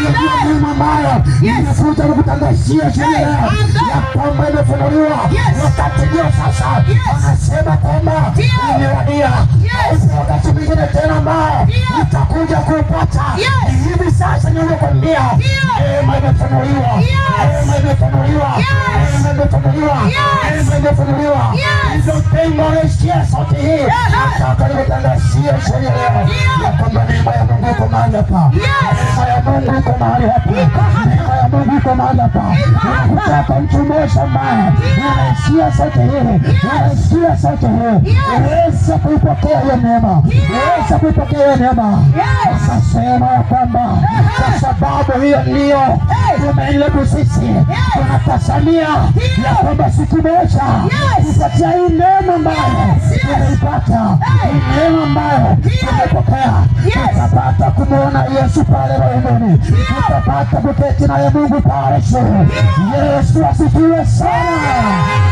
Najua Mungu ambaye nimekuja kukutangazia sheria ya kwamba imefunuliwa wakati ndio sasa anasema kwamba imeradia. Wakati mwingine tena ambao itakuja kuupata ni hivi sasa nilivyokwambia, neema imefunuliwa, neema imefunuliwa, neema imefunuliwa, neema imefunuliwa. Hivyo pengo lisikia sauti hii, nataka nikutangazia sheria ya kwamba neema ya Mungu iko mahali hapa. Neema ya Mungu iko mahali hapa. Neema ya Mungu iko mahali hapa. Ninakutaka mchomosha kuipokea hiyo neema. Uweza kuipokea hiyo neema. Sasema ya kwamba kwa sababu hiyo ndiyo tumeelebu sisi, tunatazamia ya kwamba siku moja kupatia hii neema ambayo tunaipata ni neema ambayo tumepokea, tutapata kumwona Yesu pale rohoni, tutapata kuketi naye Mungu pale. Yesu asifiwe sana.